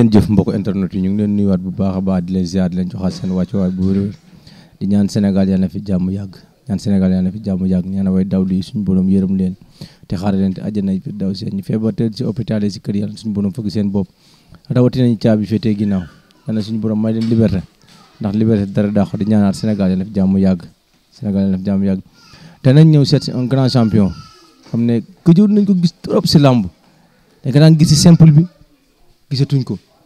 ngeen jëf mbokk internet yi ñu ngi leen nuyuwaat bu baax a baax di leen ziar di leen joxaat seen wàccuwaay bu wér di ñaan Sénégal yal na fi jàmm yàgg ñaan Sénégal ñaan way daw di suñu borom yërëm leen te xaare leen te àjjana fi daw seen feebar te si hôpital yi si kër yàlla suñu borom fëgg seen bopp rawati nañu caabi féetee ginnaaw yal Sénégal yal na fi jàmm yàgg Sénégal yal na fi jàmm yàgg te nañ ñëw seet un grand champion xam ne gëjoon nañ ko gis trop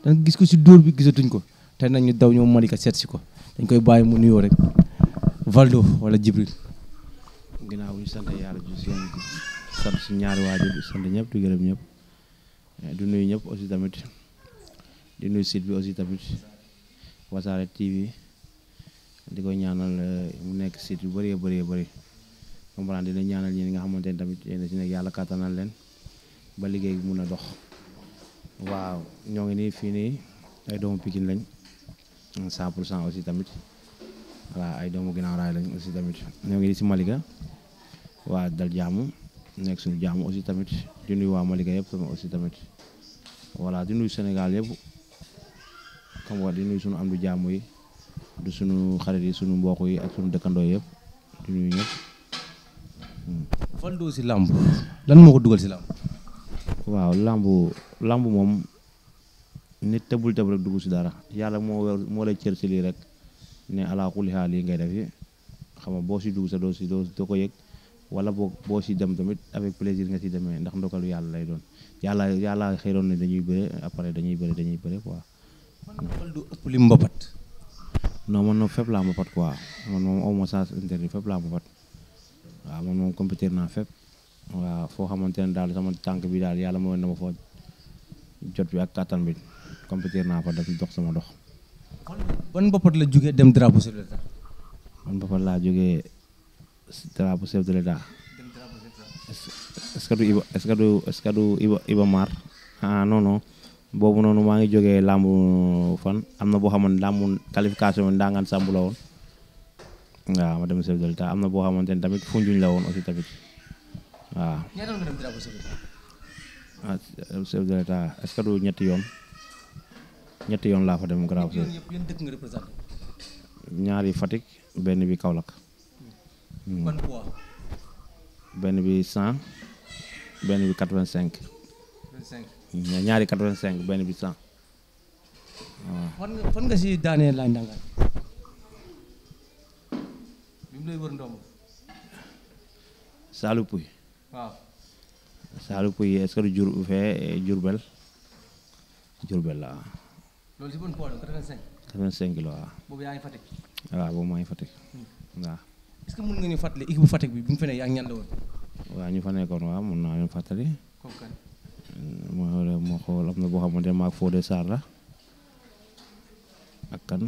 da gis ko si dóor bi gisatuñ ko te nañu daw ñoo Malika seet si ko dañ koy bàyyi mu nuyoo rek Valdo wala Jibril ginnaaw bu ñu sant yàlla ju seen sant suñu ñaari waajur di sant ñëpp di gërëm ñëpp eh, du nuyu ñëpp aussi tamit di nuyu site bi aussi tamit wasaare TV di koy ñaanal eh, mu nekk site yu bëree bëree bëri comprendre dina ñaanal ñi nga xamante ni tamit yéen si nekk yàlla kattanal leen ba liggéey bi mun a dox waaw ñoo ngi nii fii nii ay doomu Pikine lañ 100 pour cent aussi tamit voilà ay doomu ginnaaw raay lañ aussi tamit ñoo ngi nii si Malika waa dal jaamu nekk suñu jaamu aussi tamit di nuyu waa Malika yëpp aussi tamit voilà di nuyu Sénégal yëpp xam nga di nuyu suñu am du jaamu yi du suñu xarit yi suñu mbokk yi ak suñu dëkkandoo yëpp di nuyu ñëpp. Hmm. Fallou si làmb lan moo ko dugal si làmb. waaw làmb. làmb moom nit tëbul tëb rek dugg si dara yàlla moo moo lay cër si lii rek ne ala kulli lii ngay def yi xam nga boo si dugg sa doo si doo doo ko yëg wala boo boo si dem tamit avec plaisir nga si demee ndax ndogalu yàlla lay doon yàlla yàlla xëyroon ne dañuy bëre après dañuy bëre dañuy bëre quoi. man du ëpp moom fépp laa mbapat quoi man moom ma sens interdit laa mbapat waaw man moom compétir naa fépp waaw foo xamante daal sama tànk bi daal yàlla moo na ma foo jot bi ak kàttan bi compétir naa fa daf dox sama dox. ban boppat la jógee dem drapeau chef ban boppat laa jógee drapeau chef de l'état. est du Iba est du Iba Iba Mar ah, boobu noonu maa ngi jógee làmbu fan am na boo xamante làmbu qualification bi ndangaan sàmbu la woon waaw ma dem chef de l'état am na boo xamante ne tamit funjuñ la woon aussi tamit waaw. ah chef ah, est-ce que du ñetti yoon ñetti yoon laa fa dem Grand Bassam. ñaari Fatick benn bi Kaolack. Hmm. benn bi cent benn bi quatre-vingt-cinq. Hmm, ñaari quatre-vingt-cinq benn bi cent. waaw ah. fan nga si daanee laaj ndàngaay. bi mu Puy. Saloum yi est-ce que du jur euh, fee Diourbel Diourbel la waaw. loolu boobu yaa ngi Fatick. Hmm. est-ce que mën nga ñu fàttali équipe bu Fatick bi bi mu fa nekk yaa ngi ñan woon. waaw ñu fa nekkoon waaw mën naa leen fàttali. kooku kan. moo hmm, xool am na boo xamante ne maag Fodé Sarr la ak kan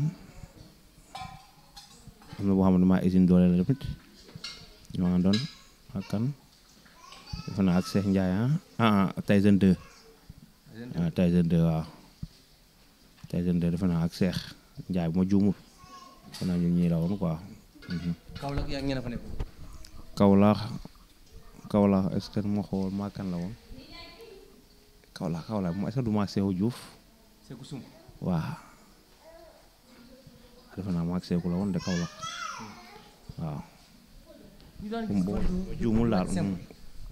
am na boo xamante maa usine doole la tamit ñoo àndoon ak kan. defe naa ak Cheikh Ndiaye ah ah Tyson 2. waaw Tyson 2 waaw. ak Cheikh Ndiaye bu ma juumul defe naa la woon quoi. Kaolack yaa ngi ñeneen fa nekk. Kaolack Kaolack est-ce que ma xool maa kan la woon Kaolack Kaolack est-ce que du maa Seeku Diouf. Seeku Sum waaw. defe naa maa la woon de Kaolack waaw. ñu doon juumul laal.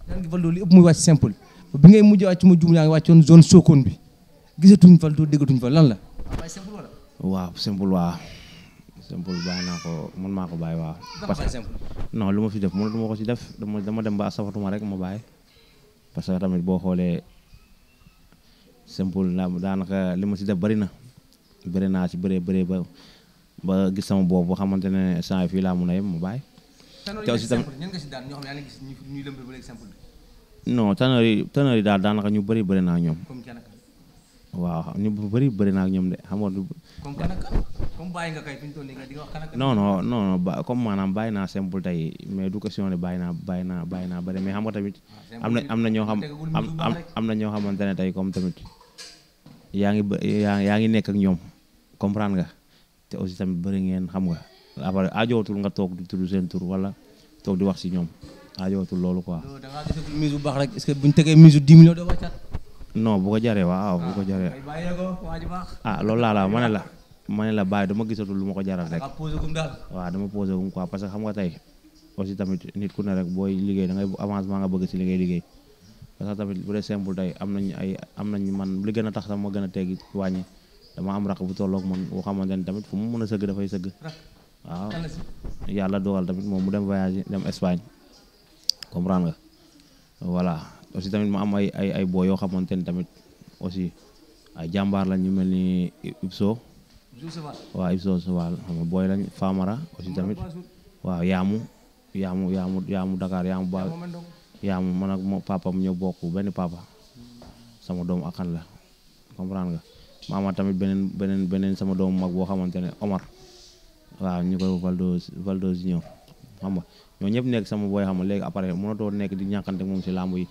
yaa ngi Valdo li ëpp muy wàcc bi ngay mujj wàcc mu jum zone Sokone bi gisatuñ Valdo déggatuñ fa lan la waaye simple wala waaw simple waaw maa ko bàyyi waaw parce que non lu ma fi def mën du ma ko ci def dama dama dem ba safatuma rek ma baay parce que tamit boo xoolee simple la daanaka li ma si def bari na bëri naa ci bëree bëree ba ba gis sama boobu xamante ne fii laa mun a yem ma bàyyi teew si tamit non tanoor yi tanoor yi daal daanaka ñu bëri bëri naa ñoom. waaw ñu bëri bëri naa ñoom de xam nga. comme bàyyi nga kay ba comme maanaam bàyyi naa simple tey mais du question ne bàyyi naa bàyyi naa bàyyi naa bëri mais xam tamit. Ah, am na am na xam am am na ñoo xamante ne tey comme tamit yaa ngi yaa ngi nekk ak ñoom comprendre nga te aussi tamit bari ngeen xam nga. après aajowatul nga toog di tudd seen tur wala toog di wax si ñoom aajowatul loolu quoi. da baax rek est bu ñu tegee mise 10 millions doo wàccaat. bu ko jaree waaw bu ko ah, jaree. ah loolu laa ma ne la ma ne la bàyyi dama gisatul lu ma ko jaral rek. Ah, waaw dama posé gum quoi parce que xam nga tey aussi tamit nit ku ne rek booy liggéey da ngay avancement nga bëgg si liggéey liggéey. parce que tamit bu dee simple tey am nañu ay am nañu man li gën a tax sama gën a teggi wàññi dama am raq bu tolloog man boo xamante ne tamit fu mu mun a sëgg dafay sëgg waaw yàlla dogal tamit moom mu dem voyage dem Espagne comprendre nga voilà aussi tamit mu am ay ay ay yoo xamante ni tamit aussi ay jàmbaar lañ ñu mel ni Ibso waaw Ibso Saval xam nga booy lañ Famara aussi tamit waaw yaamu yaamu yaamu yaamu Dakar yaamu ba yaamu man ak mo benn papa sama doomu akan la comprendre nga ma amaat tamit beneen beneen beneen sama doomu mag boo xamante ne Omar waaw ñu koy Valdos Valdos ñëw xam nga ñëpp nekk sama booy xam nga léegi après mënatoo nekk di ñàkkante moom si làmb yi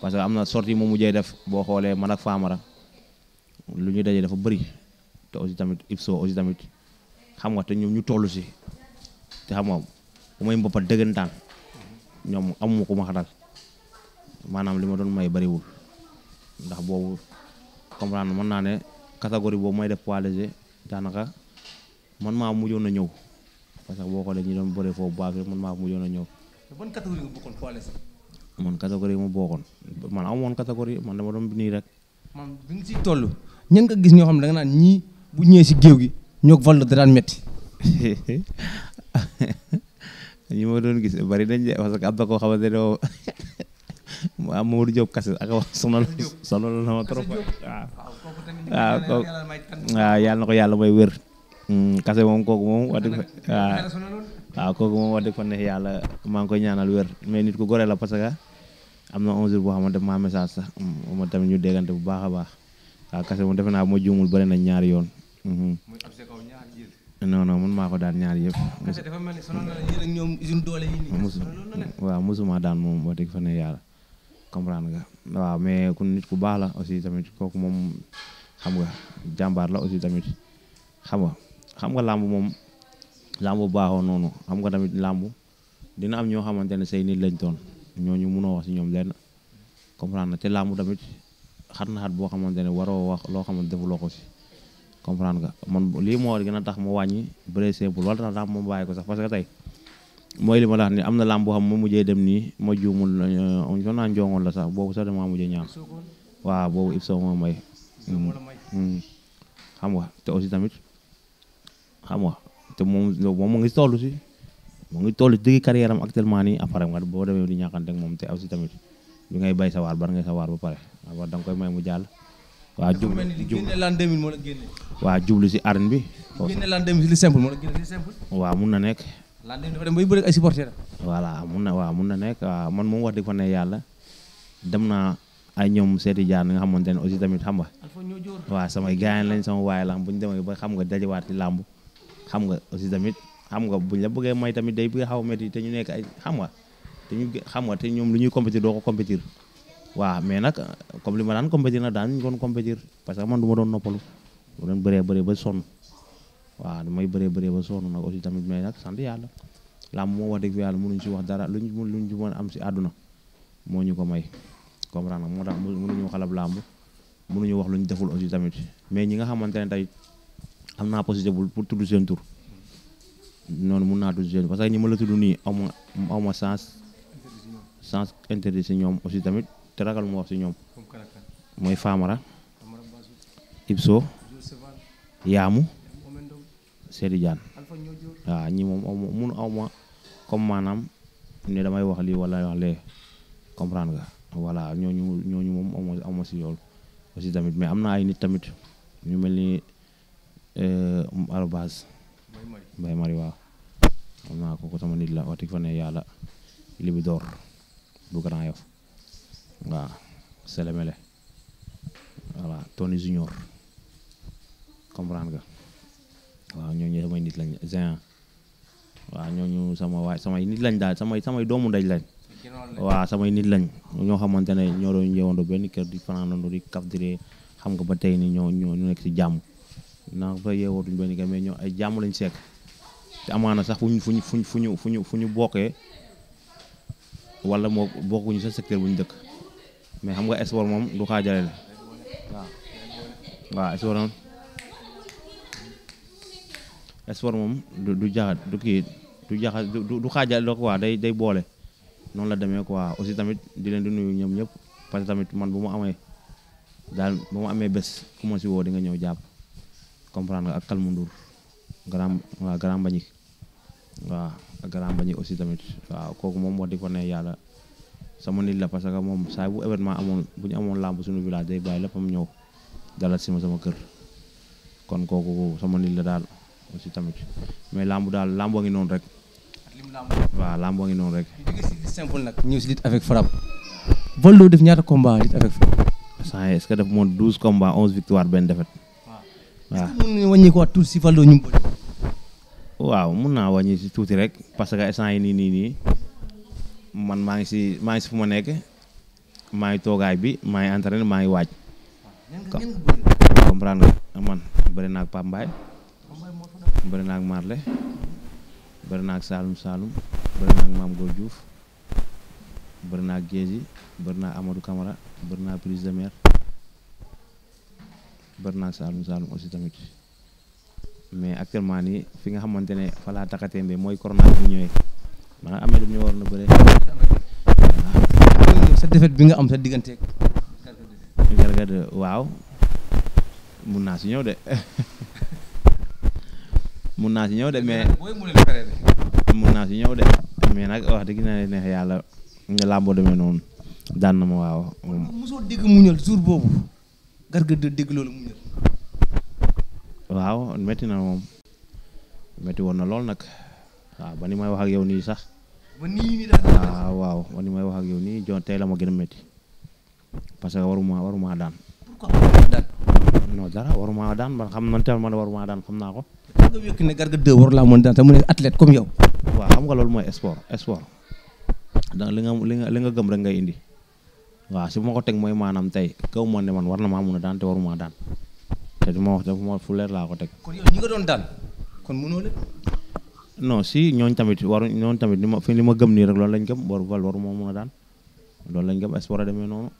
parce que am na sortie moom mujjee def boo xoolee man ak Famara lu ñu dajee dafa bëri te aussi tamit Ibso aussi tamit xam nga te ñoom ñu toll si te xam nga bu may mboppa dëggantaan ñoom amuma ku ma xatal maanaam li ma doon may bëriwul ndax boobu comprendre mën naa ne catégorie boobu may def poids léger daanaka man maa mujjoon a ñëw parce que boo xoolee ñu doon bëre foofu baax man maa mujjoon a ñëw. ban catégorie nga bokkoon poids léger man catégorie mu bokkoon man amoon catégorie man dama doon nii rek. man bi nga ciy toll ña nga gis ñoo xam ne naan ñii bu ñëwee si géew gi ñoo fa fal da daan métti. ñi ma doon gis bari nañ de koo xamante ne moom ah Mamadou Diop kase ak wax sonal sonal na ma trop waaw waaw waaw yàlla na yàlla may wér. Mm, kase moom kooku moom wax dëgg fa kooku moom wax dëgg fa neex yàlla maa ngi koy ñaanal wér mais nit ku gore la parce que am na 11 jours boo xamante ma message sax mm, moom ñu déggante bu baax a baax waaw kase moom defe naa ma juumul bëri nañ ñaari yoon. Mm-hmm. non non man maa ko daan ñaari yëpp. waaw mosuma daan moom wax dëgg fa neex yàlla comprendre nga waaw mais ku nit ku baax la aussi tamit kooku moom xam nga jàmbaar la aussi tamit xam xam nga làmb moom làmb baaxoo noonu xam nga tamit làmb dina am ñoo xamante ne say nii lañ doon ñooñu mënoo wax si ñoom lenn comprendre na te làmb tamit xat na xat boo xamante ne waroo wax loo xamante defuloo ko si comprendre nga man lii moo war gën a tax ma wàññi bëre simple wala tax làmb moom bàyyi sax parce que mooy li ma la ni am na làmb boo xam ma mujjee dem nii ma juumul euh, son naa njongoon la sax boobu sax dama mujjee ñaan waaw boobu ib soo moo may mm, mm. xam nga te aussi tamit xam nga te moom moom mu ngi toll si mu ngi toll si dëgg carrière am actuellement nii après nga boo demee di ñàkkante ak moom te aussi tamit bi bay sa waar bar ngay sa waar ba pare waaw da nga koy may mu jàll. waa jublu waa jublu si arène bi. li simple moo la génne li simple. mun na nekk. lan dafa dem bay bëri voilà mun na waaw mun na nekk man moom wax dëgg fa ne dem naa ay ñoom seeti jaar nga xamante ne aussi tamit xam nga. waaw samay gaañ lañ sama waaye lamb bu ñu demee ba xam nga dajewaat ci làmb xam nga aussi tamit xam nga buñ la bëggee may tamit day bëgg xaw a métti te ñu nekk ay xam nga te ñu xam ñoom lu ñuy compétir doo ko compétir waaw mais nag comme li ma daan compétir nag daan ñu doon compétir parce que man du ma doon noppalu mu doon bëree ba sonn waaw du may bëree bëree ba sonn nag tamit mais nag sant yàlla làmb moo wax dëgg fi yàlla mënuñ si wax dara luñ luñ ci mën am si àdduna moo ñu ko may comprendre nga moo tax mënuñu xalab làmb mënuñu wax luñ deful aussi tamit mais ñi nga xamante ne tey am naa possibilité bu pour tudd seen tur noonu mun naa tudd seen parce que ñi ma la tudd nii aw ma ma sens sens interdit si ñoom aussi tamit te ragal mu wax si ñoom mooy Famara Ibso Yaamu Seydou Diane waaw ñi moom aw ma comme maanaam ne damay wax lii wala wax lee comprendre nga voilà ñooñu ñooñu moom aw si yool aussi tamit mais am na ay nit tamit ñu mel ni Eh, arobase Mbaye Mari waaw xam naa kooku sama nit la wax dëgg fa ne yàlla li bi door bu Grand Yoff waaw selemele Tony Junior comprendre nga waaw ñooñu samay nit lañ sama nit lañ daal samay samay doomu ndaj lañ waaw sama nit lañ ñoo xamante ne ñoo doon ñëwandoo benn kër di fanaanandoo di kaf diree xam nga ba tey ni ñoo ñoo ñu nekk ci jàmm naa fa yeewootuñ benn ga mais ñoo ay jàmm lañ sekk te amaana sax fuñ fuñ fuñ fuñu fuñu fu ñu bokkee wala moo bokkuñu sa secteur bu ñu dëkk mais xam nga sport moom du xaajale la waaw waaw moom sport moom du jaxat du kii du jaxat du xaajale la quoi day day boole noonu la demee quoi aussi tamit di leen di nuyu ñoom ñëpp parce tamit man bu mu amee daal bu mu amee bés ku ma si woo di nga ñëw jàpp comprendre nga ak Kalmu Ndour grand waaw grand Mbagnick aussi tamit waaw kooku moom moo di ko ne yàlla sama nit la parce que moom saa bu bu ñu amoon làmb suñu village day bàyyi léppam ñëw dalal si sama kër kon kooku sama nit la daal aussi tamit mais làmb daal làmb a ngi noonu rek. lim làmb a ngi noonu rek. ñu jógee si avec frappe. Valdo def ñaata combat lutte avec frappe. saa est-ce def moom douze combats onze victoires benn défaite. waaw mun nañu wàññi ko si Fallou ñu bëri. waaw naa wàññi si tuuti rek parce que instant yi nii nii nii man maa ngi si maa ngi si fu ma nekk maa ngi toogaay bi maa ngi entraîné maa ngi waaj. comprendre nga man bëri naa ak Pape Mbaye bëri naa ak Marley bëri naa ak Saloum Saloum bëri naa ak naa ak Amadou Camara bëri prise de mer bari naa Saalum Saalum aussi tamit mais actuellement nii fi nga xamante ne fa laa taxatee mbee mooy corona bi ñëwee maanaam am na lu bi nga am sa digganteeg. waaw mun naa si ñëw de mun naa si ñëw de mais naa si ñëw de mais nag wax dëgg na neex yàlla nga boo demee noonu daan na ma waaw. mosoo dégg muñal jour boobu. garga de dégg loolu mu ñëw. waaw métti na moom métti woon na lool nag waaw ba ni may wax ak yow nii sax. ba ni may wax ak yow nii jon tey la ma gën a métti parce que waruma waruma daan. pourquoi waruma daan. non dara waruma daan man xam na teel ma ne waruma daan xam naa ko. nga wékk ne garga war laa moon daan te mu ne athlète comme yow. waaw xam nga loolu mooy sport sport da li nga li nga gëm rek ngay indi. waaw si ma ko teg mooy maanaam tey kaw ma ne man war na maa mun a daan te waruma daan te du ma wax dafa ma fu laa ko teg. kon yow ñi nga kon si ñooñ tamit waru ñooñ tamit li ma fi li ma gëm nii rek loolu lañ gëm waru val waru ma mun a daan loolu lañ gëm espoir a demee noonu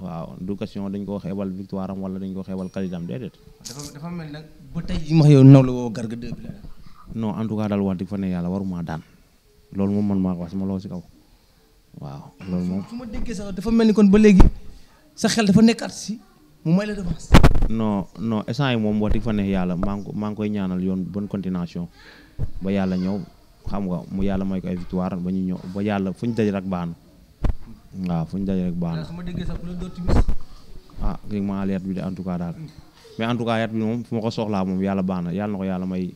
waaw du question dañ ko xeebal wala dañ ko xeebal qualité am déedéet. dafa dafa mel nag ba tey jii ma yow naw la woo Garga en tout cas daal wax dëgg fa ne yàlla waruma daan loolu moom man maa ko wax si ma loo si kaw. waaw loolu moom su ma déggee sax dafa mel ni kon ba léegi sa xel dafa nekkaat si mu may la devance. non non instant yi moom wax dëgg fa ne yàlla maa ngi ko maa ngi koy ñaanal yoon bonne continuation ba yàlla ñëw xam nga mu yàlla may ko ay victoire ba ñu ñëw ba yàlla fu ñu daj rek baax na waaw fu ñu daj rek baax na. ma déggee sax ku la doon timis. ah léegi maa leer bi de en tout cas daal mais en tout cas yat bi moom fu ma ko soxlaa moom yàlla baax na yàlla na ko yàlla may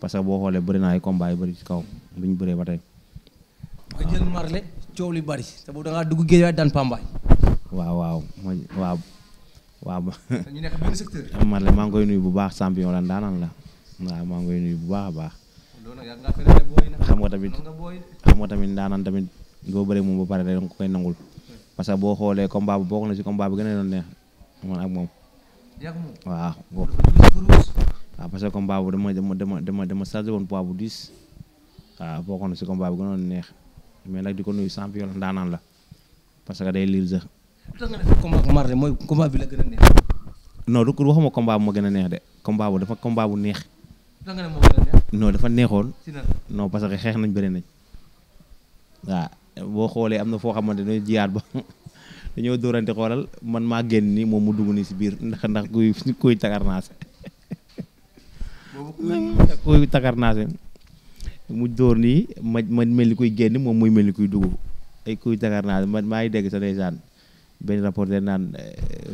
parce que boo xoolee bëri naa ay combat yu bëri ci kaw bi ñu bëree ba tey. nga jël marle coow li bari te boobu da ngaa dugg géej waaye daan pambaay. waaw waaw mooy waaw. waaw. ñu nekk benn secteur. man la maa ngi koy nuyu bu baax champion la ndaanaan la waaw maa ngi koy nuyu bu baax a baax. xam nga tamit xam nga tamit ndaanaan tamit boo bëree moom ba pare da nga koy nangul. parce que boo xoolee combat bu bokk na ci combat bu gën a doon neex man ak moom. waaw. waaw parce que combat bu dama dama dama dama chargé woon poids bu diis waaw bokk na ci combat bu gën a doon neex. mais nag di ko nuyu champion la ndaanaan la parce que day liir sax. tax bi la gën a neex. non du waxuma combat bu ma gën a neex de combat dafa combat bu neex. tax dafa neexoon. non parce que xeex nañ bëri nañ. waaw boo xoolee am na foo xamante ne jiyaat ba dañoo dóorante xoolal man maa génn nii moom mu dugg nii si biir ndax ndax kuy kuy takarnaase. boobu kuy takarnaase. mu dóor nii ma ma mel ni kuy génn moom muy mel ni kuy dugg ay kuy Dakar naa man maa ngi dégg sa ndeysaan benn rapporteur naan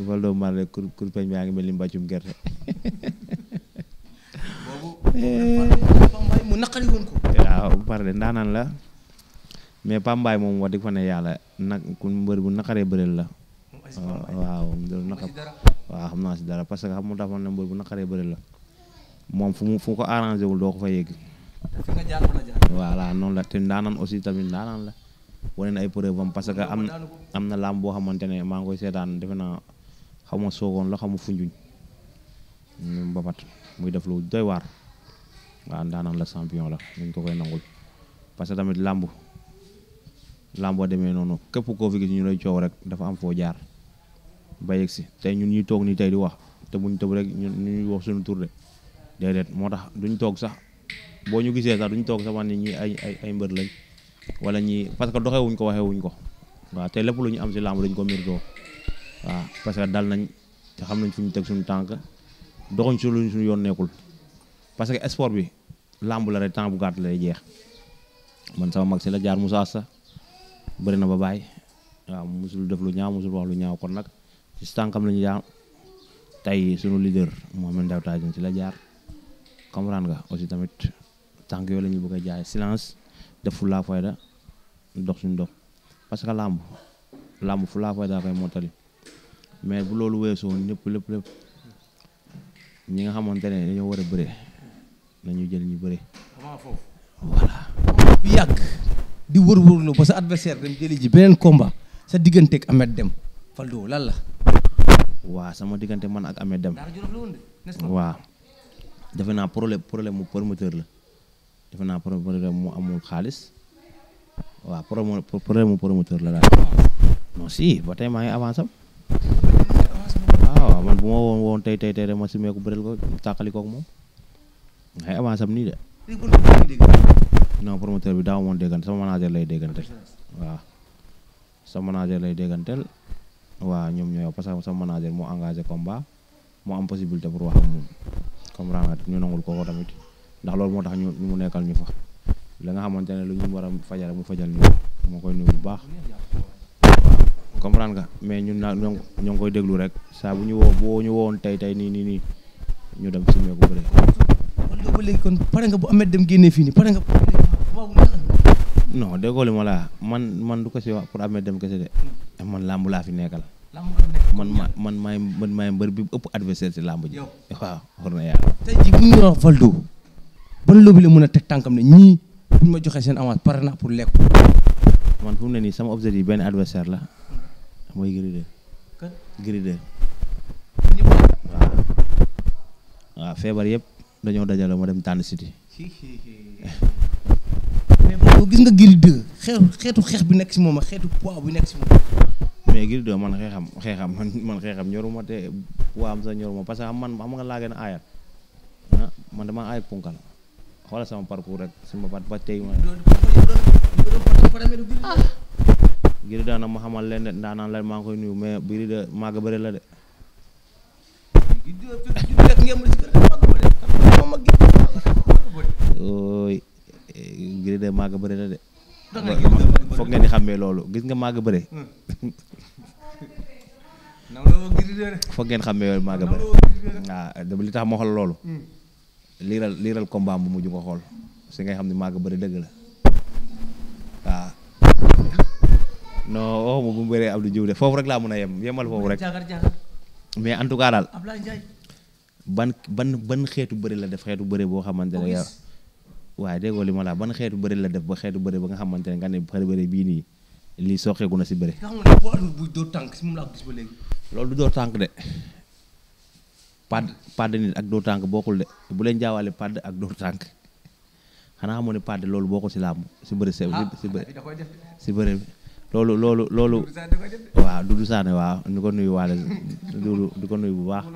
Valdo eh, Marley kur ngi mel ni mbàccum gerte. boobu eh. mu naqari woon la mais Pambaay moom wax dëgg fa ne yàlla nag ku mbër bu naqaree bëreel la. waaw loolu naqar xam naa si dara parce que xam mu dafa ne mbër bu naqaree bëreel la moom fu mu fu ko arrangé wul doo ko fa yegg. fi nga noonu la te ndaanaan aussi tamit ndaanaan la wane na ay preuve am parce que am na am na làmb boo xamante ne maa ngi koy seetaan defe naa xaw ma soogoon la xaw ma funjuñ mbapat muy def lu doy waar waaw ndaanaan la champion la ñu ko koy nangul parce que tamit lamb làmb demee noonu képp koo fi gis ñu lay coow rek dafa am foo jaar ba yegg si te ñun ñuy toog nii tey di wax te buñ tëb rek ñun ñu wax suñu tur de déedéet moo tax duñ toog sax. boo ñu gisee sax duñ toog sax wax ne ñi ay ay ay mbër lañ wala ñii parce que doxewuñ ko waxewuñ ko waaw te lépp lu ñu am si làmb dañ ko méritoo waaw parce que dal nañ te xam nañ fu ñu teg suñu tànk doxuñ su luñ suñu yoon nekkul parce que sport bi làmb la rek temps bu gàtt lay jeex man sama mag si la jaar Moussa sa bëri na ba bàyyi waaw musul def lu ñaaw musul wax lu ñaaw kon nag si tànkam la ñu jaar tey sunu leader Mohamed Ndao Tyson si la jaar comprendre nga tamit tànk yooyu la ñu bëgg a jaay silence def fu laa fayda dox suñu dox parce que làmb làmb fu laa fayda koy mottali mais bu loolu weesoo ñëpp lépp lépp ñi nga xamante ne dañoo war a bëre nañu jël ñu bëre. voilà. bu yàgg di wër-wërlu ba sa adversaire dem jëli ji beneen komba sa diggante Ahmed Deme Fallou lan la. waaw sama diggante man ak Ahmed Deme. waa defe naa problème problème mu la. defe naa problème mu amul xaalis waaw problème problème mu promoteur la daal non ba tey maa ngi avancé am ah, waaw man bu ma woon tey tey tey de ma simee ko bëreel ko tàqali koog moom maa ngi am nii de. non promoteur bi daaw moon déggante sama manager lay déggante waaw sama manager lay dégganteel waa ñoom ñooy parce que sama manager moo engagé ba moo am possibilité pour wax ak moom comprendre ñu nangul ko ko tamit. ndax loolu moo tax ñu mu nekkal ñu fa la nga xamante ne lu ñu war a fajal mu fajal ñu moo koy nuyu bu baax comprendre nga mais ñun naa ñoo ngi koy déglu rek saa bu ñu woo boo ñu wowoon tey tey nii nii nii ñu dem si meeku bëre. kon ba léegi kon nga bu Ameth dem génnee fii nii pare nga. non déggoo li ma la man man du ko si wax pour Ameth dem kese de man làmb laa fi nekkal. man ma man maay man maay mbër bi ëpp adversaire si làmb ji. waaw war na ban lobby la mën a teg tànkam na ñii bu ñu ma joxe seen avance pare na pour lekk. man fu mu ne nii sama objectif benn adversaire la mooy Gris 2. Gris feebar yëpp dañoo dajale ma dem tànn city mais gis nga Gris 2 xeetu xeex bi nekk si moom ak xeetu poids bi nekk si moom. mais Gris 2 man xeexam xeexam man man xeexam ñoruma te poids am sax ñoruma parce que man xam nga laa gën a aayal ah man damaa aay punkal xoolal sama parcours rek sama pat ba tey ma. Gris daan ma xamal leen de ndaanaan la maa koy nuyu mais Gris de màgg bëri la de. ooy foog ngeen di loolu gis nga màgg bëri. foog ngeen xàmmee loolu màgg bëri. waaw ah, li tax ma loolu. Hmm. liiral liiral combat bu mujj nga xool si ngay xam ne màgg bari dëgg la waaw non waxuma bu mu bëree Abdou Diouf de foofu rek laa mën a yem yemal foofu rek mais en tout cas daal ban ban ban xeetu bari la def xeetu bari boo xamante ne yow waaye déggoo li ma ban xeetu bëri la def ba xeetu bëri ba nga xamante ne nga ne xeetu bëri bii nii lii soxeeku na si bëri. loolu du door tànk de. padd padd nit ak dóor tànk bokkul de bu leen jaawaale padd ak dóor tànk xanaa xamoon ne padd loolu bokkul si làmb si bëri si si bëri bi loolu loolu loolu waaw Doudou Sané waaw ni ko nuyu waale Doudou nuyu bu baax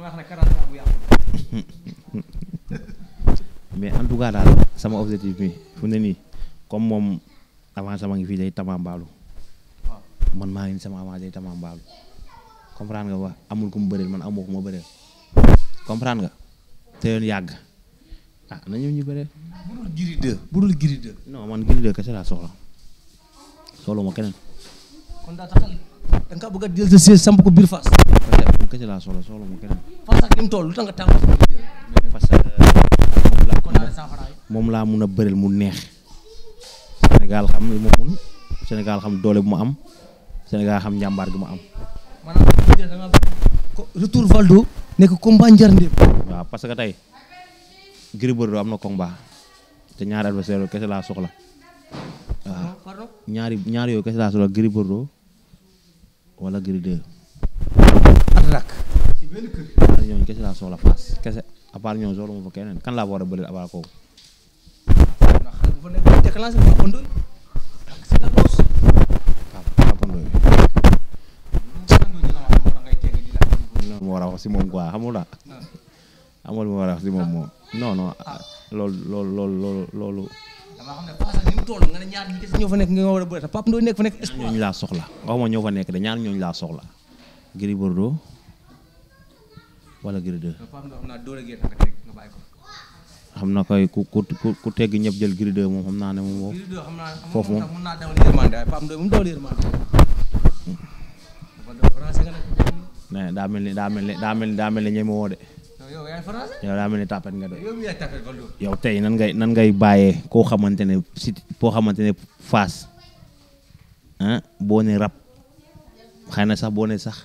mais en tout cas daal sama objectif bi fu ne nii comme moom avant sama ngi fii day tamambaalu man maa ngi sama avant day tamambaalu comprendre nga wax amul ku mu bëreel man amoo ku ma bëreel comprendre nga te yoon yàgg ah na ñëw ñu bëre. budul Gris 2 budul Gris 2. non man Gris 2 kese laa soxla soxla kon daa da a jël sa siège samp ko biir Fass. kese kese laa soxla soxla ma keneen. Fass ak ni mu toll euh, moom laa mun a bëreel mu neex. Sénégal xam ne ma mun Sénégal xam doole bu ma am senegal xam njàmbaar bi ma am. retour Valdo nekk combat njarndéem. waaw parce que tey Gris Bordeaux am na combat te ñaari adversaire yooyu kese laa soxla waaw ñaari ñaari yooyu kese laa soxla Gris Bordeaux wala Gris 2. attaque. ci benn kër. laa soxla paas kese keneen kan laa war a bëri à part kooku. lu war a wax si moom quoi xamul la amul lu ma war a wax si moom moom non non ah. loolu loolu loolu loolu. damaa xam ne Fass ni mu toll ne ñoo fa nekk nga a bëri nekk fa nekk. ñaar ñoo fa nekk ñaar ñooñu laa soxla. Gris Bordeaux wala xam na koy ku ku ku tegg ñëpp jël Gris 2 moom xam naa ne moom. foofu moom. nee eh, daa mel ni daa mel ni daa mel ni daa mel ni ñeme woo mel ni tapet nga de. yow tey nan ngay nan ngay bàyyee koo xamante ne si koo xamante ne Fass ah, boo ne rab xëy na sax boo sax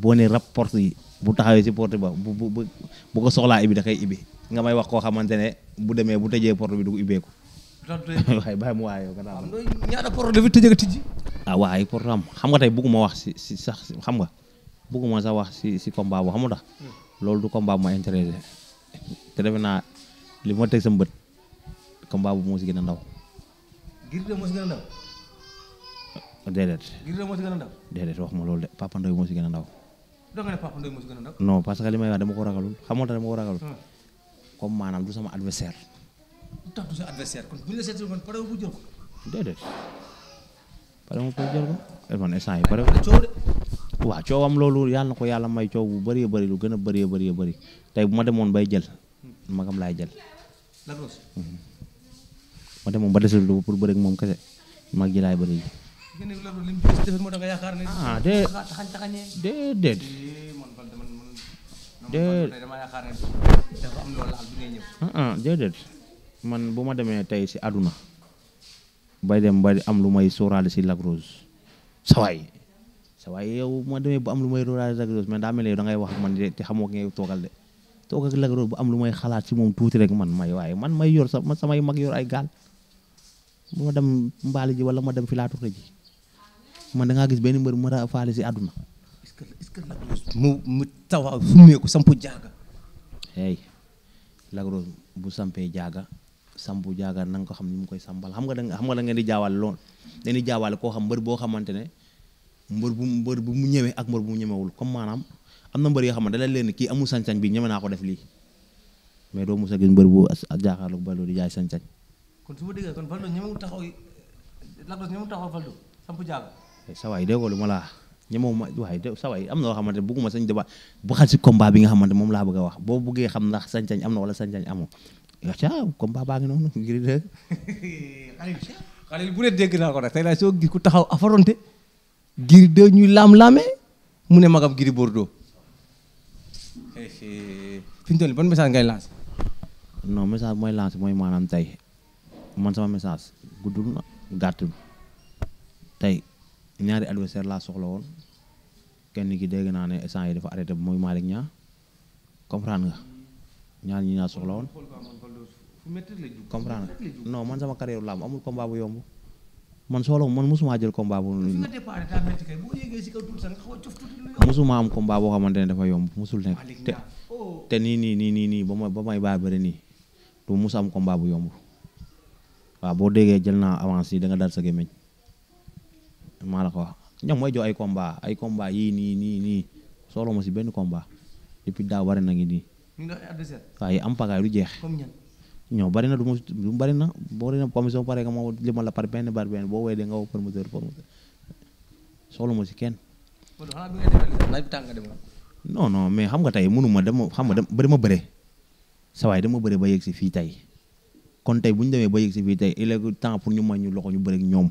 boo ne rab porte yi bu taxawee si porte ba bu bu bu ko soxlaa ibi da koy ibi nga may wax koo xamante ne bu demee bu tëjee porte bi du ko ubbeeku. waaye bàyyi waay yow gannaaw. tijji. ah waaye porte am xam nga tey bëgguma wax si si sax xam nga. bëgguma sax wax si si combat bu xamu tax hmm. loolu du combat bu ma intéressé te defe naa li ma teg sama bët combat bu moo si gën a ndaw. Gris 2 moo si gën a ndaw. déedéet. Gris 2 moo si gën a ndaw. déedéet wax ma loolu de Papa Ndoye moo si gën a ndaw. da nga ne Papa Ndoye moo si gën a ndaw. non parce que li may wax dama ko ragalul xamoo tax dama ko ragalul. Hmm. comme maanaam du sama adversaire. du tax du sa adversaire kon bu ñu la seetlu kon pare bu jël ko. déedéet pare mu jël ko. Eh, man instant yi pare. waaw coowam loolu yàlla na ko yàlla may coow bu bëree bëri lu gën a bëree bëree bëri tey bu ma demoon bay jël magam laay jël. Mhm. ma demoon ba desul lu pour bëri ak moom kese mag ji laay bëri. ah déet déet déet. déedéet man bu ma demee tey si àdduna bay dem bay am lu may sóoraale si Lac Rose sawaay waaye yow ma demee bu am lu may róoraa Lac Rose mais daa mel ne wax man de te xamoo ngay toogal de toog ak bu lu may xalaat si moom tuuti rek man may waaye man may yor sa man samay mag yor ay gaal bu ma dem mbaali ji wala ma dem filaatu ji man da gis benn mbër mu mën si àdduna. est que est mu mu tawa fummee ko sampu jaaga. bu sampee jaaga sampu jaaga na nga xam ni mu koy sambal xam nga da nga xam nga da ngeen di jaawal lool dañuy jaawal koo xam mbër boo xamante ne. mbër bu mbër bu mu ñëwee ak mbër bu mu wul comme maanaam am na mbër yoo xam ne da leen kii amul sañ-sañ bi ñeme naa ko def lii mais doo mos a gis mbër bu jaaxaarlu Baldo di jaay sañ-sañ. kon su ma déggee kon Baldo ñemewul taxaw Lac Rose ñemewul taxaw Baldo samp jàll. Eh, sa ma laa ñemewu ma sa am na loo xamante ne bëgguma sañ débat bu xal si bi nga xamante moom laa bëgg wax boo buggee xam ndax sañ-sañ am na wala sañ-sañ amoo waaw combat baa ngi noonu ngir dëgg. xale bu ne dégg naa ko nag tey laa soo gis ku taxaw affronté Gris 2 ñuy laam-laame mu ne magam Gris Bordeaux eh, eh. fi ñu toll ban message ngay lancé non message mooy lancé mooy maanaam tey man sama message guddul na gàttul tey ñaari adversaire laa soxla woon kenn ki dégg naa ne instant yi dafa arrêté bu mooy Malick Niang comprendre nga ñaar ñi ñaa soxla woon comprendre nga no man sama carrière laa amul combat bu yomb man sooloo man mosuma jël combat bu mosuma am combat boo xamante ne dafa yomb mosul nekk te oh. te nii nii nii nii nii ba may ba may baa bëri nii du mos am combat bu yomb waa boo déggee jël naa avance yi da nga dal sa gémmiñ maa la ko wax ñoom mooy jox ay combat ay combat yii nii nii nii sooloo ma si benn combat depuis daa bari na ngi nii waaye am pagaay du jeex ñoo bari na du ma bari na bari na commission pare nga ma la par benn par benn boo wéy de nga woo promoteur promoteur soxla ma si kenn. non non mais xam nga tey mënu ma dama xam nga dama bëre sa waay dama bëre ba yegg si fii tey kon tey bu ñu demee ba yegg si fii tey il est temps pour ñu may ñu loxo ñu bëre ñoom.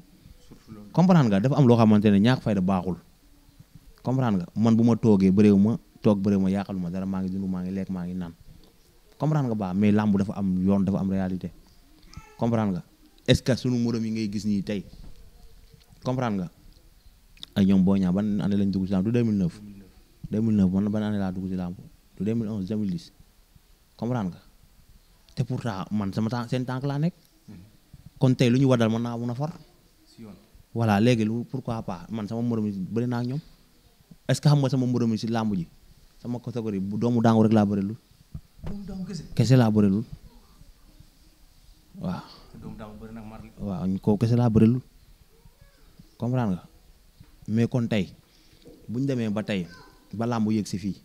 comprendre nga dafa am loo xamante ne ñaak fayda baaxul. comprendre nga man bu ma toogee bëreewu ma toog bëreewu ma yàqalu ma dara maa ngi dund maa ngi lekk maa ngi naan. comprendre nga baax mais làmb dafa am yoon dafa am réalité comprendre nga est-ce que sunu morom yi ngay gis nii tey comprendre nga ay ñoom boo ñaa ban année lañ dugg ci làmb du 2009 2009 man ban année laa dugg ci làmb du 2011 te pourtant man sama temps seen tànk laa nekk kon tey lu ñu wadal mën naa mun a far voilà léegi lu pourquoi pas man sama morom yi bëri naa ñoom est-ce que xam nga sama morom yi ci làmb ji sama catégorie bu doomu daangu rek laa bëri lu kese laa bërelul waaw. waaw kooku kese laa bërelul comprendre nga mais kon tey bu ñu demee ba tey balaa làmb yëg si fii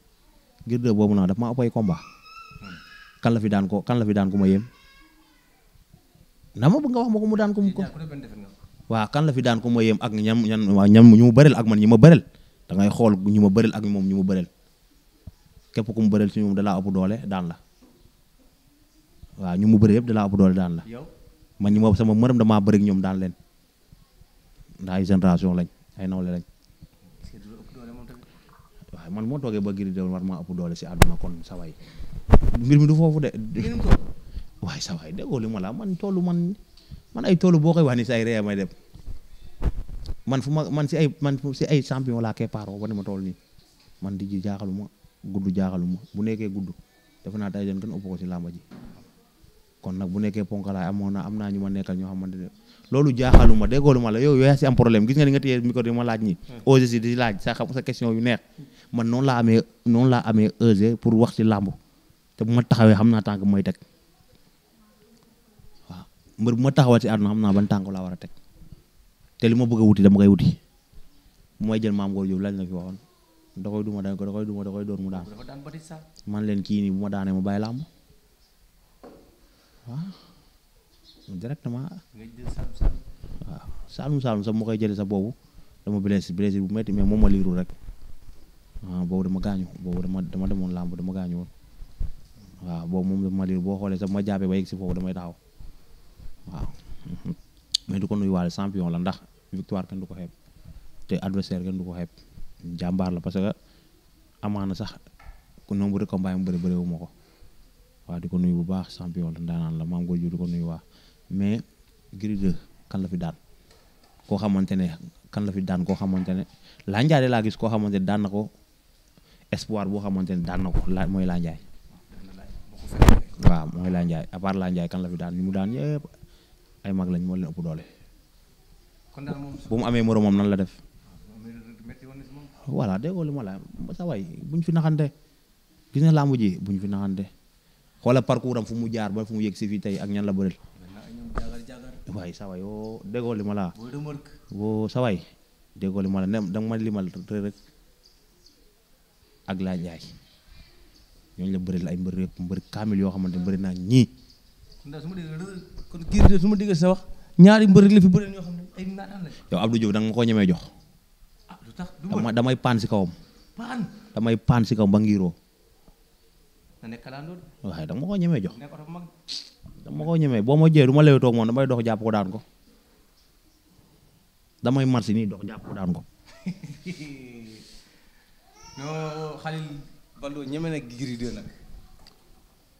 ngir de boobu nag daf maa ëpp ay kan la fi daan ko kan la fi daan ko ma yem na ma bëgg nga wax ma ko mu daan ko mu ko. waaw kan la fi daan ko ma yem ak ñam ñan ñu ma bëreel ak man ñi ma bëreel da ngay xool ñu ma bëreel ak moom ñu ma bëreel. képp ku mu bëreel ci ñoom dalaa ëpp doole daan la waaw ñu mu bëri yëpp dalaa ëpp doole daan la. yow man ñu ma sama mërëm damaa bëri ak ñoom daan leen ndax ay génération lañ ay nawle lañ. waaw man moo toogee ba Gris doole si àdduna kon sa waay mbir mi du foofu ma man toolu man man ay toolu boo koy wax ni si ay ree may dem man fu ma man si ay man si ay champion laa ma tool nii man di ji jaaxaluma gudd jaaxaluma bu nekkee gudd defe naa Tyson kenn ëpp ko ci làmba ji kon nag bu nekkee ponkalaay amoon na am naa ñu ma nekkal ñoo xamante ne loolu jaaxaluma déggooluma la yow yaa si problème gis nga nga téye micro di ma laaj nii. Hmm. osé si di laaj sa xam sa question yu neex man noonu laa amee noonu laa amee osé pour wax si làmb te bu ma taxawee xam naa tànk mooy teg waaw mbër bu ma taxawal ci na xam naa ban tànk laa war a teg te li ma bëgg a wuti dama kay wuti mooy jël maam Góor Jóob lañ la fi da koy duma da ko da koy duma da koy door mu man leen kii ma daanee mu bàyyi làmb waaw directement waaw mu koy jëlee sa boobu dama blessé blessé bu métti mais moom ma liiru rek waaw boobu dama gaañu boobu dama dama demoon làmb dama gaañu woon waaw boobu moom ma liir boo xoolee sax ma jàppee ba yegg si foofu damay taxaw waaw mais du ko nuyuwaale champion la ndax victoire kenn du ko xeeb te adversaire kenn du ko xeeb jàmbaar la parce que amaana sax ku nombre de combat mu bëri barewuma ko waa di ko nuyu bu baax champion la ndaanaan la maam góor ju di ko nuyu waa mais Gris kan la fi daan koo xamante ne kan la daan koo xamante ne laa de laa gis koo xamante ne daan na ko espoir boo xamante ne daan na ko la mooy laa njaay waaw mooy laa njaay à laa njaay kan la fi daan ñu mu daan yëpp ay mag lañ moo leen ëpp doole bu mu amee moom nan la def voilà déggoo lu ma buñ fi naxante gis nga làmb ji buñ fi naxante xoola parcours fu mu jaar ba fu mu yëg si fii tey ak ñan la bëril waay sa waay oo déggoo ma la woo sa waay déggoo li ma la ne danga ma limal rek ak laa jaay ñooñu la bëril ay mbër kaamil yoo xamante ne bëri naa ñii kon kii su ma dégg la fi bëril ñoo xam ne ay naan la yow ma koo ñemee jox du tax du ma damay paan si kawam. paan damay paan si kawam ba ngiroo. na nekk kalandoo de. waaye dama koo ñemee jox. nekk ma dama koo ñemee boo ma jëyee du ma lewee toog moom damay dox jàpp ko daan ko. marché nii dox jàpp ko daan ko. non Khalil Baldo ñeme na Gris 2 nag.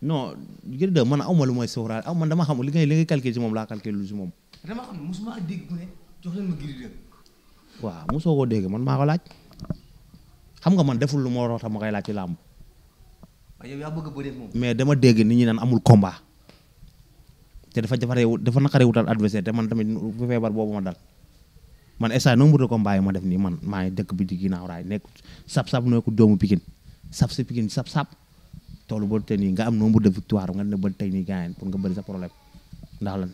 non Gris 2 man lu may sóoraale aw man dama xam li ngay li ngay calculé si moom laa calculé lu si moom. waaw mosoo koo dégg man maa ko laaj xam nga man deful lu ma war a tax ma koy laaj ci làmb. waaye ah, yow yaa bëgg a bëri mais dama dégg ni ñi naan amul combat. te dafa jafaree dafa naqaree wutal adversaire te man tamit bu feebar boobu ma dal man instant no mbir combat yi ma def nii man maa ngi dëkk bi di ginnaaw raay nekk sap sap nekk doomu Pikine sap si Pikine sap sap toolu ba tey nii nga am nombre de victoire nga ne ba tey nii gaañ pour nga bëri sa problème ndax lan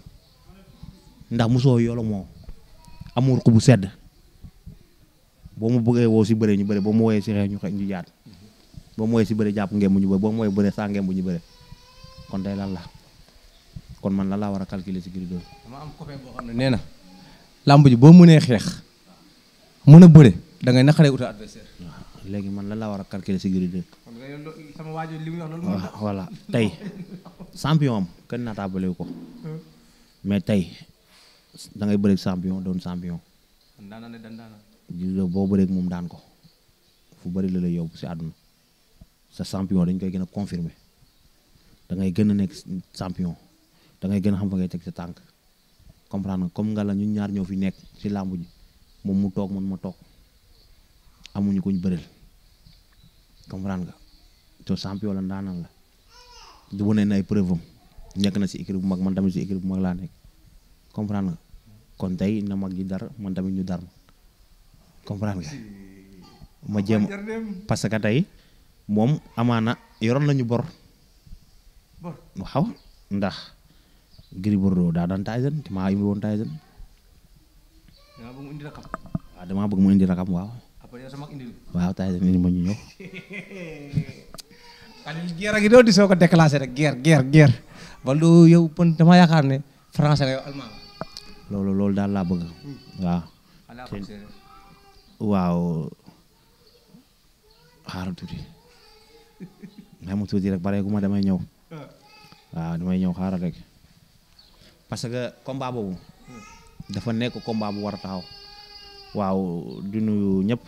ndax mosoo yolo moo amul bu sedd. boo mu buggee woo si bëre ñu bëre boo mu wooyee si xeex ñu xeex ñu jaat si bëre jàpp ngeen bu ñu bëre boo mu wooyee bëre saa ngeen bu ñu bëre kon tey lan la kon man lan laa war a calculer si Gris 2. dama am copain boo ne na làmb ji boo mënee xeex mën a bëre da ngay naqaree uta adversaire. léegi man lan laa war a si Gris 2. sama waajur li mu wax loolu voilà tey champion am kenn naataabale ko mais tey dangay ngay bëre champion doon champion. boo bëreeg moom daan ko fu bëri la lay yóbbu si àdduna sa champion dañ koy gën a confirmer da ngay gën a nekk champion da ngay gën a xam fa ngay teg sa tànk comprendre nga comme nga ñaar ñoo fi nekk si làmb moom mu toog man ma toog amuñu kuñ bëril comprendre nga te champion la la du wane na ay preuve nekk na si équipe bu mag man tamit si bu mag laa nekk comprendre kon tey na mag ji dar man tamit ñu dar comprendre nga ma jéem parce que tey moom amaana yoroon nañu bor waaw ndax Gris Bordeaux daa daan Tyson te maa waaw damaa bëgg mu indi rakam waaw waaw Tyson indi ma di soo ko déclenché rek guerre guerre guerre Valdo yow pon ne français la yow loolu loolu daal laa bëgg hmm. waaw xaaral tuuti xam nga tuuti rek pareegu ma damay ñëw waaw damay ñëw xaaral rek parce que combat boobu dafa nekk combat bu war a taxaw waaw di nuyu ñëpp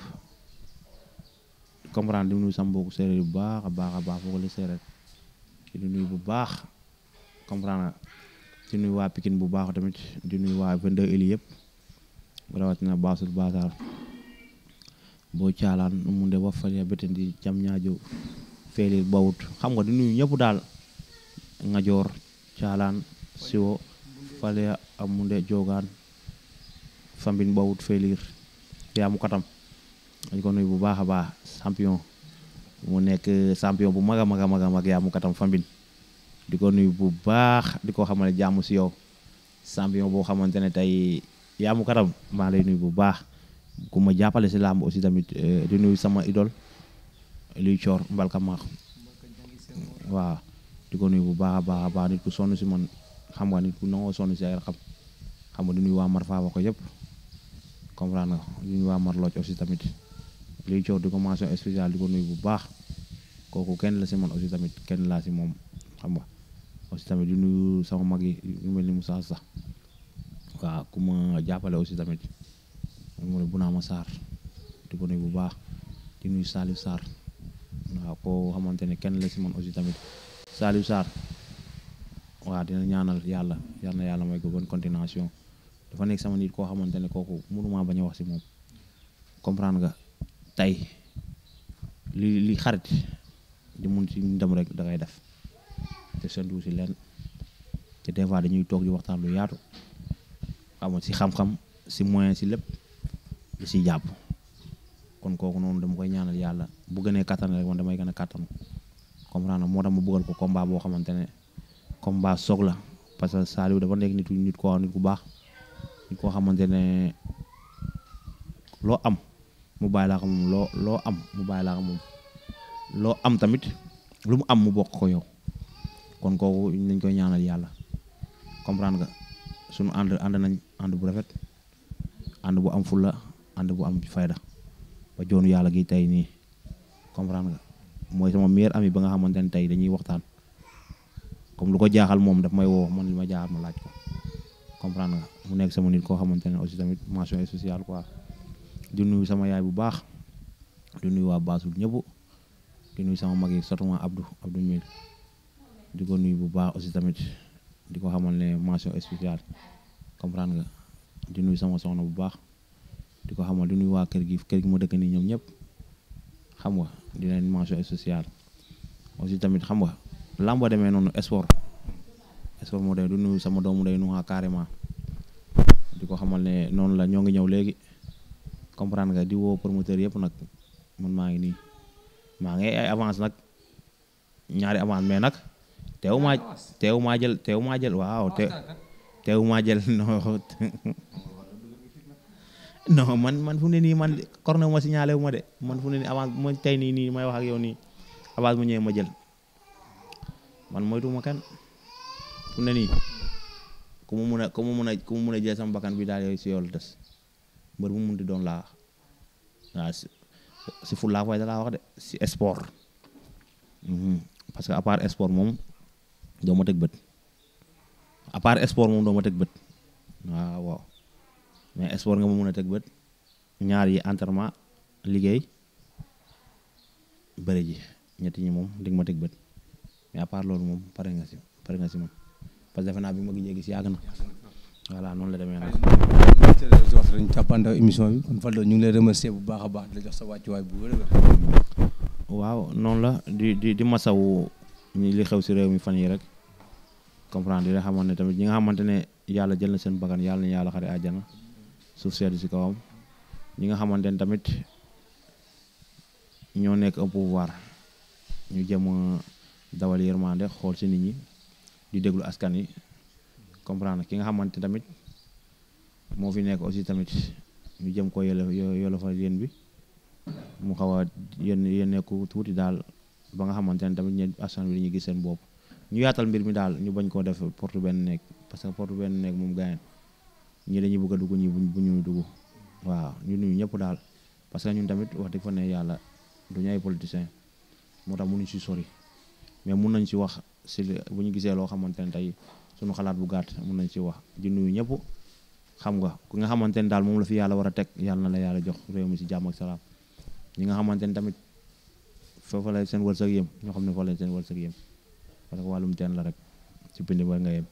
comprendre di nuyu sama mbokku séeréer bu baax a baax a baax foo ko la séeréer di nuyu bu baax comprendre di nuyu waa Pikine bu baax tamit du nuyu waa 22 Eli yëpp rawatina Baasul Baasaar Bocalan Munde Waffalia Bettendy Diamniadio Fellil Bawut xam nga di nuyu ñëpp daal Ngajoor Caalaan Siwo Falia Amunde Jogaan Fambin Bawut Fellir Yaamu Katam dañ ko nuyu bu baax a baax champion mu nekk euh, champion bu mag a mag a mag Katam Fambin di ko nuyu bu baax di ko xamale jàmm si yow champion boo xamante ne tey Yaamu Katam maa lay nuyu bu baax ku ma jàppale si laam aussi tamit euh, di nuyu sama idole luy coor mbalka maax waaw di ko nuyu bu baax a baax a baax nit ku sonn si man xam nga nit ku nangoo sonn si ay raxam xam nga di nuyu waa mar faaba ko yëpp comprendre nga di nuyu waa aussi tamit luy coor di ko mention spéciale di bu baax kooku kenn la si man aussi tamit kenn laa si moom xam nga aussi tamit di nuyu sama mag yi ñu mel ni Moussa sax waaw ku ma jàppale aussi tamit mooy Bounama Sarr di ko nuyu bu baax di nuyu Saliou Sarr waaw koo xamante kenn la si man aussi tamit Saliou Sarr waaw dina ñaanal yàlla yal na yàlla may ko bonne continuation dafa nekk sama nit koo xamante ne kooku mënuma bañ a wax si moom comprendre nga tey li li xarit di mun si dem rek da def te seentu si leen te des fois dañuy toog di waxtaan lu yaatu amoon si xam-xam si moyen si lépp di si jàpp kon kooku noonu dama koy ñaanal yàlla bu gënee kattan rek man damay gën a kattanu comprendre moo tax ma bëggal ko combat boo xamante ne combat soog la parce que Saliou dafa nekk nit koo xamante ne loo am mu bàyyi laa loo am mu bàyyi laa am tamit lu mu am mu bokk ko yow kon kooku nañ koy ñaanal yàlla comprendre nga sunu ànd ànd nañ ànd bu rafet ànd bu am fulla ànd bu am fayda ba joonu yàlla gi tey nii comprendre nga mooy sama meilleur ami ba nga xamante ne tey dañuy waxtaan comme lu ko jaaxal moom daf may woo man li ma jaaxal ma laaj ko comprendre nga mu nekk sama nit koo xamante ne aussi tamit mention spéciale quoi di nuyu sama yaay bu baax di nuyu waa Baasul ñëpp di nuyu sama mag yi di ko nuyu bu baax aussi tamit di ko xamal ne mention spéciale comprendre nga di nuyu sama soxna bu baax. di ko xamal du nuy waa kër gi kër gi mu dëkk nii ñoom ñëpp xam nga di leen mention sociale aussi tamit xam nga làmba demee noonu sport sport moo day du nuyu sama doomu day nuwaa carrément di ko xamal ne noonu la ñoo ngi ñëw léegi comprendre nga di woo promoteur yëpp nag man maa ngi nii maa ngi ay avance nag ñaari avance mais nag teew maa maa jël teew maa jël waaw teew maa jël no non man man fu ne nii man corne ma signalé wu ma de man fu ne nii avance tey nii nii may wax ak yow nii avance mu ñëwee ma jël man moytuwuma kan fu ne nii ku mu mun a ku mu mun a ku mun a jël sama bakkan bi daal yooyu si yow des mbër bu mu munti doon laa waaw si si fulla fayda laa wax de si sport mhm. parce que à part moom doo ma bët à part sport moom doo ma bët waaw. mais sport nga ma mun a teg bët ñaar yi entraînement liggéey bëri ji ñetti ñi moom di ma teg bët mais à loolu moom pare nga si pare nga si moom parce que defe naa bi ma gisee gis yàgg na voilà noonu la demee nag. si waxtu dañu càppandaw émission bi kon Valdo ñu ngi bu baax a baax di la jox sa wàccuwaay bu wér waaw noonu la di di di masawu ñi li xew si réew mi fan yi rek comprendre di nga xamante ne tamit ñi nga xamante ne yàlla jël na seen bakkan yàlla na yàlla xare àjjana suuf sedd si kawam ñi nga xamante ne tamit ñoo nekk au pouvoir ñu jëm dawal yërmande xool si nit ñi di déglu askan yi comprendre ki nga xamante tamit moo fi nekk aussi tamit ñu jëm ko yolo yolofal yéen bi mu xaw a yéen yéen nekku tuuti daal ba nga xamante ne tamit ñe askan bi dañuy gis seen bopp ñu yaatal mbir mi daal ñu bañ koo def porte benn nekk parce que porte benn nekk moom gaayen ñii dañuy bëgg a dugg ñii bu ñu dugg waaw ñu nuyu ñëpp daal parce que ñun tamit wax dëgg fa ne yàlla ñu ay politicien moo tax mënuñ si sori mais mun nañ si wax si bu ñu gisee loo xamante ne tey suñu xalaat bu gàtt mun nañ si wax di nuyu ñëpp xam nga ku nga xamante ne daal moom la fi yàlla war a teg yàlla na la yàlla jox réew mi si jàmm ak salaam ñi nga xamante ne tamit foofa la seen wërsëg yem ñoo xam ne fa la seen wërsëg yem parce que wàllum teen la rek si pindi nga yem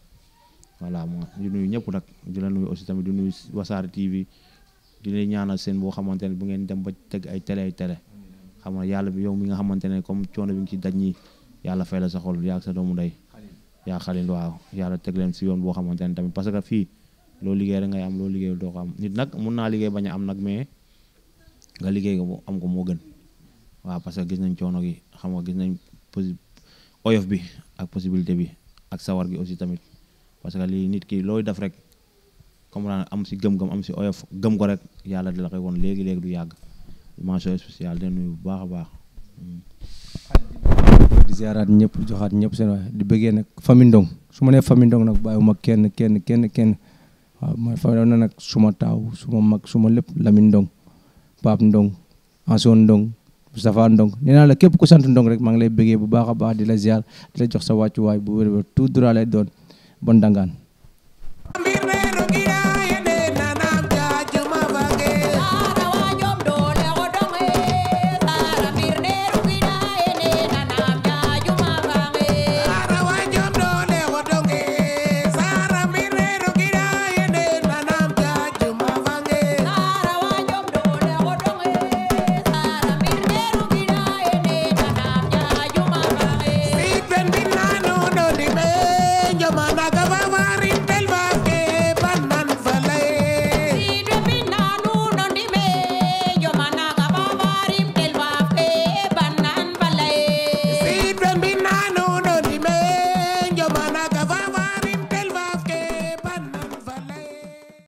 voilà mo di nuyu ñëpp nag di la aussi tamit di nuyu wasaare di lay ñaanal seen boo xamante ne bu ngeen dem ba teg ay télé ay xam nga yàlla bi yow mi nga xamante ne comme coono bi nga ci daj ñi yàlla fay la sa xol yaa sa doomu ndey yaa xalin waaw yàlla teg leen si yoon boo xamante ne tamit parce que fii loo liggéey rek ngay am loo liggéey doo ko am nit nag mun naa liggéey bañ a am nag mais nga liggéey ko am ko moo gën waaw parce que gis nañ coono gi xam nga gis nañ oyof bi ak possibilité bi ak sawar gi aussi tamit parce que lii nit ki looy def rek comprendre am si gëm-gëm am si oyof gëm ko rek yàlla di la woon léegi léegi du yàgg mention spéciale di nuyu bu baax a baax. Hmm. di ziaraat ñëpp ñëpp seen di bëggee nag famille Ndong su ma nee famille Ndong nag bàyyiwuma kenn kenn kenn kenn waaw mooy famille Ndong nag suma taaw suma mag suma lépp Lamine Ndong Pape Ndong Anson Ndong Moustapha Ndong nee naa la képp ku sant Ndong rek maa ngi lay bëggee bu baax a baax di la ziar di la jox sa wàccuwaay bu wér-wér tout droit lay doon. bondangaan